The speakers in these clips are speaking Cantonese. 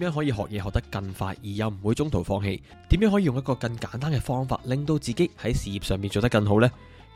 點樣可以學嘢學得更快，而又唔會中途放棄？點樣可以用一個更簡單嘅方法，令到自己喺事業上面做得更好呢？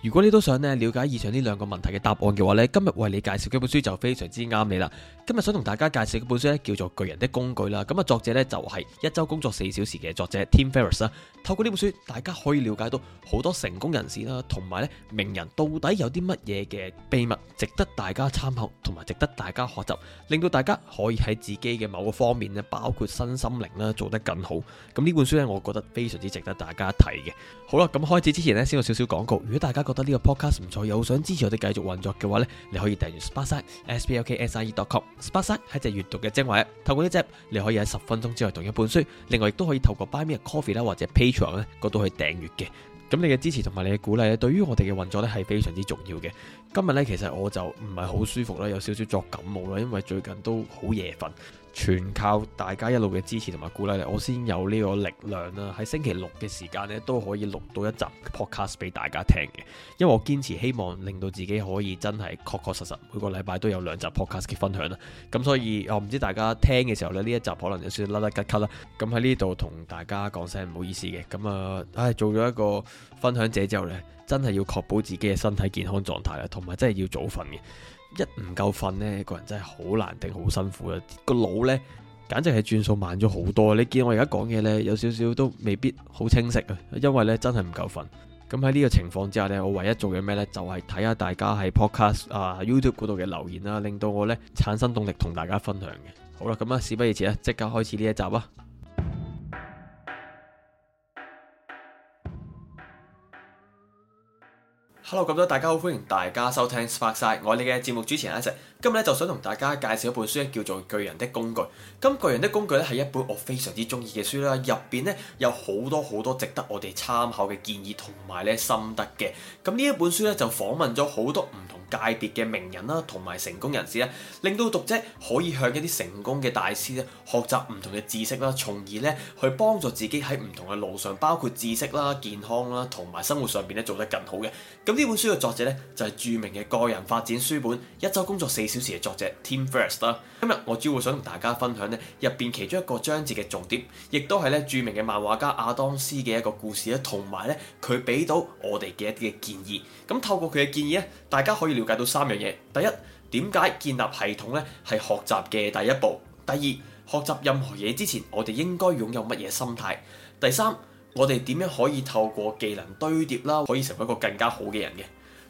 如果你都想咧，了解以上呢兩個問題嘅答案嘅話呢，今日為你介紹嘅本書就非常之啱你啦。今日想同大家介紹嘅本書咧叫做《巨人的工具》啦，咁啊作者呢就係一周工作四小時嘅作者 Tim Ferriss。透過呢本書，大家可以了解到好多成功人士啦，同埋咧名人到底有啲乜嘢嘅秘密，值得大家參考同埋值得大家學習，令到大家可以喺自己嘅某個方面咧，包括身心靈啦，做得更好。咁呢本書呢，我覺得非常之值得大家睇嘅。好啦，咁開始之前呢，先有少少廣告。如果大家覺得呢個 podcast 唔錯，又想支持我哋繼續運作嘅話咧，你可以訂閱 Sparksine, S P A R K S I N E dot com，Sparksine 係一隻閱讀嘅精華。透過呢隻，你可以喺十分鐘之內讀一本書。另外，亦都可以透過 Buy Me a Coffee 啦，或者 Patreon 呢，嗰度去訂閱嘅。咁你嘅支持同埋你嘅鼓勵咧，對於我哋嘅運作咧係非常之重要嘅。今日呢，其實我就唔係好舒服啦，有少少作感冒啦，因為最近都好夜瞓。全靠大家一路嘅支持同埋鼓勵，我先有呢個力量啦。喺星期六嘅時間咧，都可以錄到一集 podcast 俾大家聽嘅。因為我堅持希望令到自己可以真係確確實實每個禮拜都有兩集 podcast 嘅分享啦。咁所以我唔、哦、知大家聽嘅時候呢，呢一集可能有少少甩甩吉吉啦。咁喺呢度同大家講聲唔好意思嘅。咁啊，唉、哎，做咗一個分享者之後呢，真係要確保自己嘅身體健康狀態啦，同埋真係要早瞓嘅。一唔夠瞓呢，個人真係好難頂好辛苦啊！個腦呢，簡直係轉數慢咗好多。你見我而家講嘢呢，有少少都未必好清晰啊，因為呢真係唔夠瞓。咁喺呢個情況之下呢，我唯一做嘅咩呢？就係睇下大家喺 Podcast 啊、YouTube 嗰度嘅留言啦，令到我呢產生動力同大家分享嘅。好啦，咁啊，事不宜遲啊，即刻開始呢一集啊！Hello，咁多，大家好，歡迎大家收聽《Sparkside》，我哋嘅節目主持人阿 Sa。今日咧，就想同大家介紹一本書咧，叫做巨《巨人的工具》。咁《巨人的工具》咧係一本我非常之中意嘅書啦，入邊咧有好多好多值得我哋參考嘅建議同埋咧心得嘅。咁呢一本書咧就訪問咗好多唔同界別嘅名人啦，同埋成功人士啦，令到讀者可以向一啲成功嘅大師咧學習唔同嘅知識啦，從而咧去幫助自己喺唔同嘅路上，包括知識啦、健康啦同埋生活上邊咧做得更好嘅。咁呢本書嘅作者咧就係著名嘅個人發展書本，一周工作四。小時嘅作者 Tim Ferriss 啦，今日我主要想同大家分享咧入邊其中一個章節嘅重點，亦都係咧著名嘅漫畫家阿當斯嘅一個故事啦，同埋咧佢俾到我哋嘅一啲嘅建議。咁透過佢嘅建議咧，大家可以了解到三樣嘢：第一，點解建立系統咧係學習嘅第一步；第二，學習任何嘢之前，我哋應該擁有乜嘢心態；第三，我哋點樣可以透過技能堆疊啦，可以成為一個更加好嘅人嘅。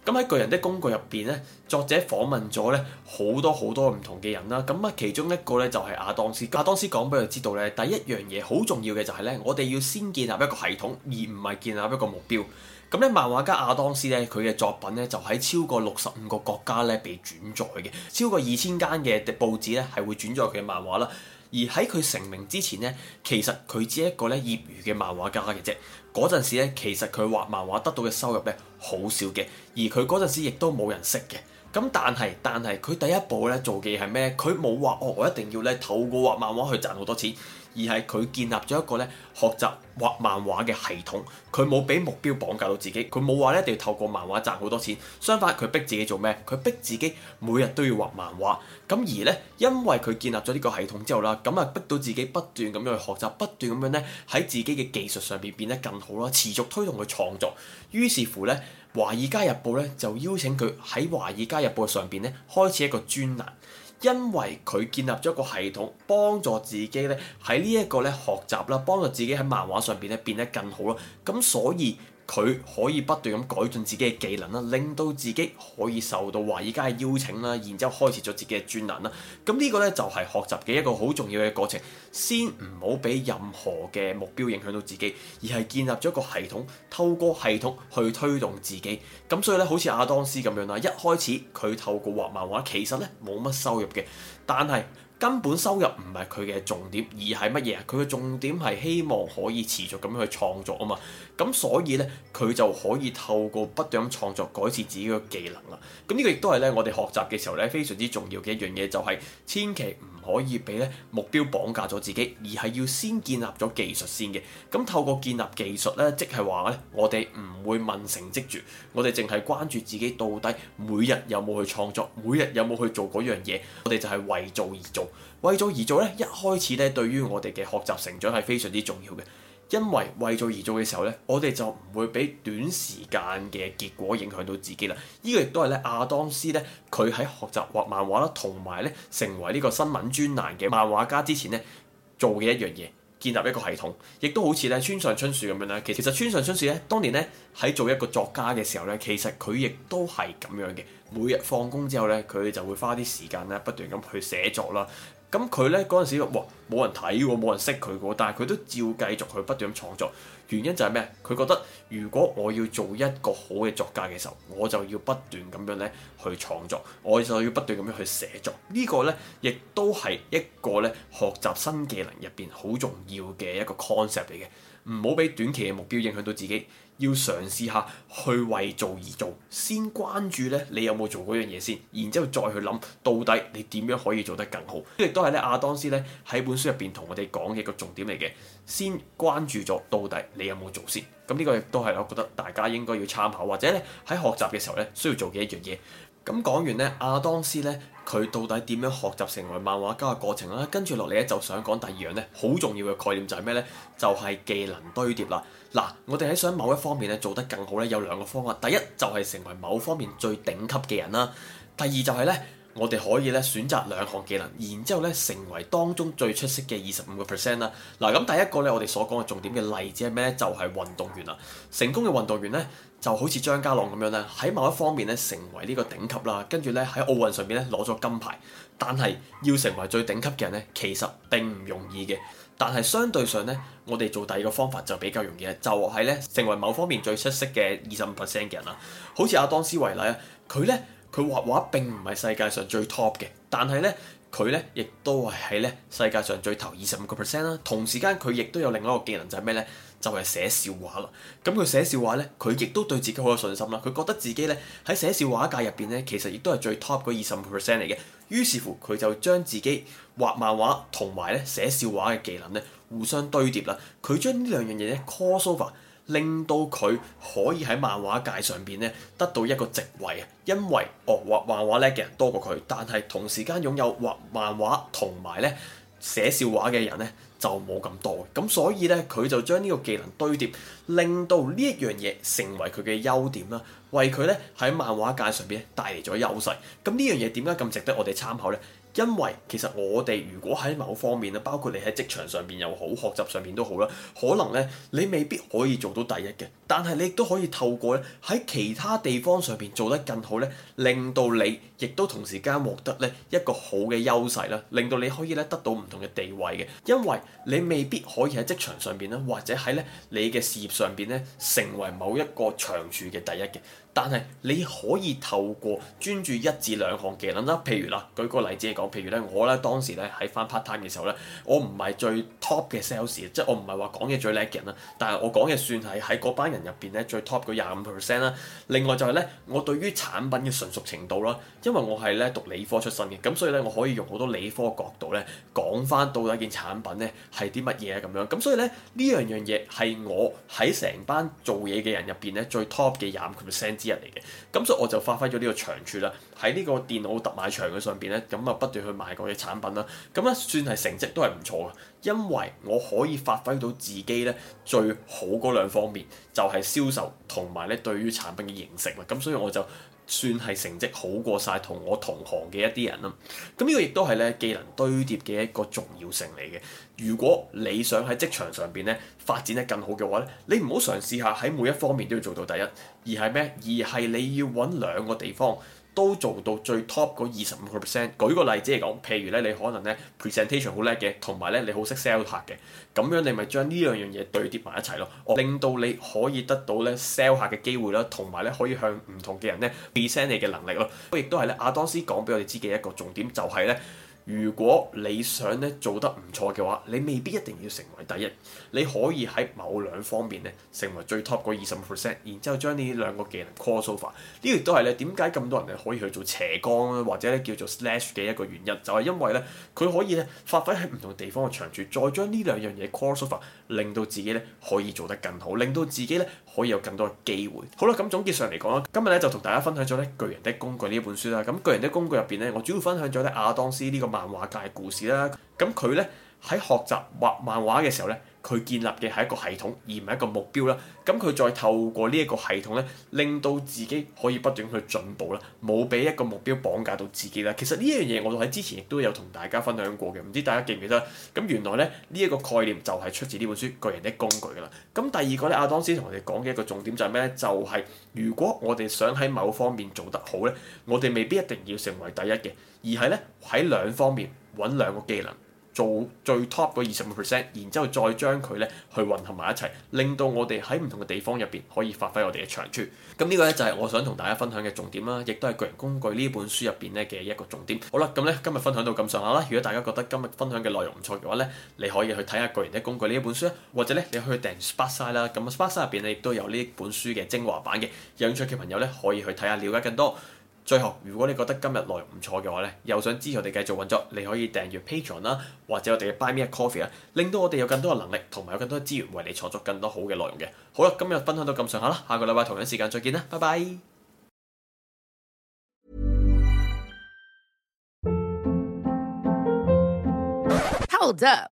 咁喺巨人的工具入邊咧，作者訪問咗咧好多好多唔同嘅人啦。咁啊，其中一個咧就係亞當斯。亞當斯講俾佢知道咧，第一樣嘢好重要嘅就係咧，我哋要先建立一個系統，而唔係建立一個目標。咁咧，漫畫家亞當斯咧，佢嘅作品咧就喺超過六十五個國家咧被轉載嘅，超過二千間嘅報紙咧係會轉載佢嘅漫畫啦。而喺佢成名之前咧，其實佢只係一個咧業餘嘅漫畫家嘅啫。嗰陣時咧，其實佢畫漫畫得到嘅收入咧好少嘅，而佢嗰陣時亦都冇人識嘅。咁但係但係佢第一步咧做嘅嘢係咩？佢冇話哦，我一定要咧透過畫漫畫去賺好多錢。而係佢建立咗一個咧學習畫漫畫嘅系統，佢冇俾目標綁架到自己，佢冇話一定要透過漫畫賺好多錢，相反佢逼自己做咩？佢逼自己每日都要畫漫畫，咁而咧因為佢建立咗呢個系統之後啦，咁啊逼到自己不斷咁樣去學習，不斷咁樣咧喺自己嘅技術上邊變得更好啦，持續推動佢創作。於是乎咧，《華爾街日報》咧就邀請佢喺《華爾街日報》上邊咧開始一個專欄。因為佢建立咗一個系統，幫助自己咧喺呢一個咧學習啦，幫助自己喺漫畫上邊咧變得更好啦，咁所以。佢可以不斷咁改進自己嘅技能啦，令到自己可以受到華爾街嘅邀請啦，然之後開始咗自己嘅專欄啦。咁呢個咧就係、是、學習嘅一個好重要嘅過程。先唔好俾任何嘅目標影響到自己，而係建立咗一個系統，透過系統去推動自己。咁所以咧，好似亞當斯咁樣啦，一開始佢透過畫漫畫，其實咧冇乜收入嘅，但係。根本收入唔係佢嘅重點，而係乜嘢啊？佢嘅重點係希望可以持續咁樣去創作啊嘛。咁所以咧，佢就可以透過不斷咁創作，改善自己嘅技能啦。咁呢個亦都係咧，我哋學習嘅時候咧，非常之重要嘅一樣嘢，就係千祈唔可以俾咧目標綁架咗自己，而係要先建立咗技術先嘅。咁透過建立技術咧，即係話咧，我哋唔會問成績住，我哋淨係關注自己到底每日有冇去創作，每日有冇去做嗰樣嘢，我哋就係為做而做。為咗而做咧，一開始咧，對於我哋嘅學習成長係非常之重要嘅，因為為咗而做嘅時候咧，我哋就唔會俾短時間嘅結果影響到自己啦。這個、呢個亦都係咧，亞當斯咧，佢喺學習畫漫畫啦，同埋咧，成為呢個新聞專欄嘅漫畫家之前咧，做嘅一樣嘢。建立一個系統，亦都好似咧村上春樹咁樣啦。其實村上春樹咧，當年咧喺做一個作家嘅時候咧，其實佢亦都係咁樣嘅。每日放工之後咧，佢就會花啲時間咧，不斷咁去寫作啦。咁佢咧嗰陣時，哇冇人睇喎，冇人識佢喎，但係佢都照繼續去不斷咁創作。原因就係咩？佢覺得如果我要做一個好嘅作家嘅時候，我就要不斷咁樣咧去創作，我就要不斷咁樣去寫作。這個、呢個咧亦都係一個咧學習新技能入邊好重要嘅一個 concept 嚟嘅。唔好俾短期嘅目標影響到自己，要嘗試下去為做而做，先關注咧你有冇做嗰樣嘢先，然之後再去諗到底你點樣可以做得更好。亦都係咧亞當斯咧喺本書入邊同我哋講嘅一個重點嚟嘅，先關注咗到底你有冇做先。咁、這、呢個亦都係我覺得大家應該要參考，或者咧喺學習嘅時候咧需要做嘅一樣嘢。咁講完咧，亞當斯咧，佢到底點樣學習成為漫畫家嘅過程啦？跟住落嚟咧，就想講第二樣咧，好重要嘅概念就係咩咧？就係技能堆疊啦。嗱，我哋喺想某一方面咧做得更好咧，有兩個方法。第一就係成為某方面最頂級嘅人啦。第二就係咧。我哋可以咧選擇兩項技能，然之後咧成為當中最出色嘅二十五個 percent 啦。嗱，咁第一個咧我哋所講嘅重點嘅例子係咩咧？就係、是、運動員啦。成功嘅運動員咧就好似張家朗咁樣咧，喺某一方面咧成為呢個頂級啦，跟住咧喺奧運上邊咧攞咗金牌。但係要成為最頂級嘅人咧，其實並唔容易嘅。但係相對上咧，我哋做第二個方法就比較容易，就係、是、咧成為某方面最出色嘅二十五 percent 嘅人啦。好似阿當斯為例啊，佢咧。佢畫畫並唔係世界上最 top 嘅，但係咧佢咧亦都係喺咧世界上最頭二十五個 percent 啦。同時間佢亦都有另外一個技能就係咩咧？就係、是、寫笑話啦。咁佢寫笑話咧，佢亦都對自己好有信心啦。佢覺得自己咧喺寫笑話界入邊咧，其實亦都係最 top 嗰二十五個 percent 嚟嘅。於是乎佢就將自己畫漫畫同埋咧寫笑話嘅技能咧互相堆疊啦。佢將呢兩樣嘢咧 cross over。令到佢可以喺漫畫界上邊咧得到一個席位啊，因為哦畫漫畫叻嘅人多過佢，但係同時間擁有畫漫畫同埋咧寫笑話嘅人咧就冇咁多，咁所以咧佢就將呢個技能堆疊，令到呢一樣嘢成為佢嘅優點啦，為佢咧喺漫畫界上邊咧帶嚟咗優勢。咁呢樣嘢點解咁值得我哋參考咧？因為其實我哋如果喺某方面咧，包括你喺職場上邊又好，學習上邊都好啦，可能咧你未必可以做到第一嘅，但係你亦都可以透過咧喺其他地方上邊做得更好咧，令到你亦都同時間獲得咧一個好嘅優勢啦，令到你可以咧得到唔同嘅地位嘅，因為你未必可以喺職場上邊咧，或者喺咧你嘅事業上邊咧成為某一個長處嘅第一嘅。但係你可以透過專注一至兩項技能啦，譬如啦，舉個例子嚟講，譬如咧，我咧當時咧喺翻 part time 嘅時候咧，我唔係最 top 嘅 sales，即係我唔係話講嘢最叻嘅人啦，但係我講嘅算係喺嗰班人入邊咧最 top 嗰廿五 percent 啦。另外就係咧，我對於產品嘅純熟程度啦，因為我係咧讀理科出身嘅，咁所以咧我可以用好多理科角度咧講翻到底件產品咧係啲乜嘢咁樣，咁所以咧呢樣樣嘢係我喺成班做嘢嘅人入邊咧最 top 嘅廿五 percent。啲人嚟嘅，咁所以我就發揮咗呢個長處啦，喺呢個電腦特賣場嘅上邊咧，咁啊不斷去賣嗰啲產品啦，咁咧算係成績都係唔錯嘅，因為我可以發揮到自己咧最好嗰兩方面，就係銷售同埋咧對於產品嘅認識啦，咁所以我就。算係成績好過晒同我同行嘅一啲人啦。咁、這、呢個亦都係咧技能堆疊嘅一個重要性嚟嘅。如果你想喺職場上邊咧發展得更好嘅話咧，你唔好嘗試下喺每一方面都要做到第一，而係咩？而係你要揾兩個地方。都做到最 top 嗰二十五個 percent。舉個例子嚟講，譬如咧你可能咧 presentation 好叻嘅，同埋咧你好識 sell 客嘅，咁樣你咪將呢兩樣嘢對疊埋一齊咯，令到你可以得到咧 sell 客嘅機會啦，同埋咧可以向唔同嘅人咧 present 你嘅能力咯。亦都係咧亞當斯講俾我哋知嘅一個重點、就係，就係咧。如果你想咧做得唔錯嘅話，你未必一定要成為第一，你可以喺某兩方面咧成為最 top 二十 percent，然之後將呢兩個技能 cross over，呢亦都係咧點解咁多人咧可以去做斜槓或者咧叫做 slash 嘅一個原因，就係因為咧佢可以咧發揮喺唔同地方嘅長處，再將呢兩樣嘢 cross over，令到自己咧可以做得更好，令到自己咧可以有更多嘅機會。好啦，咁總結上嚟講啦，今日咧就同大家分享咗咧《巨人的工具》呢一本書啦。咁《巨人的工具》入邊咧，我主要分享咗咧亞當斯呢個。漫畫界故事啦，咁佢呢喺學習畫漫畫嘅時候呢。佢建立嘅係一個系統，而唔係一個目標啦。咁佢再透過呢一個系統咧，令到自己可以不斷去進步啦。冇俾一個目標綁架到自己啦。其實呢一樣嘢，我喺之前亦都有同大家分享過嘅，唔知大家記唔記得？咁原來咧，呢、這、一個概念就係出自呢本書《巨人的工具》㗎啦。咁第二個咧，阿當斯同我哋講嘅一個重點就係咩咧？就係、是、如果我哋想喺某方面做得好咧，我哋未必一定要成為第一嘅，而係咧喺兩方面揾兩個技能。做最 top 個二十五 percent，然之後再將佢咧去混合埋一齊，令到我哋喺唔同嘅地方入邊可以發揮我哋嘅長處。咁呢個咧就係我想同大家分享嘅重點啦，亦都係《巨人工具》呢本書入邊咧嘅一個重點。好啦，咁咧今日分享到咁上下啦。如果大家覺得今日分享嘅內容唔錯嘅話咧，你可以去睇下《巨人的工具》呢一本書啦，或者咧你去訂 Spotify 啦。咁 Spotify 入邊咧亦都有呢本書嘅精華版嘅，有興趣嘅朋友咧可以去睇下，了解更多。最後，如果你覺得今日內容唔錯嘅話呢，又想支持我哋繼續運作，你可以訂閱 Patreon 啦，或者我哋嘅 Buy Me A Coffee 啊，令到我哋有更多嘅能力同埋有更多資源為你創作更多好嘅內容嘅。好啦，今日分享到咁上下啦，下個禮拜同樣時間再見啦，拜拜。Hold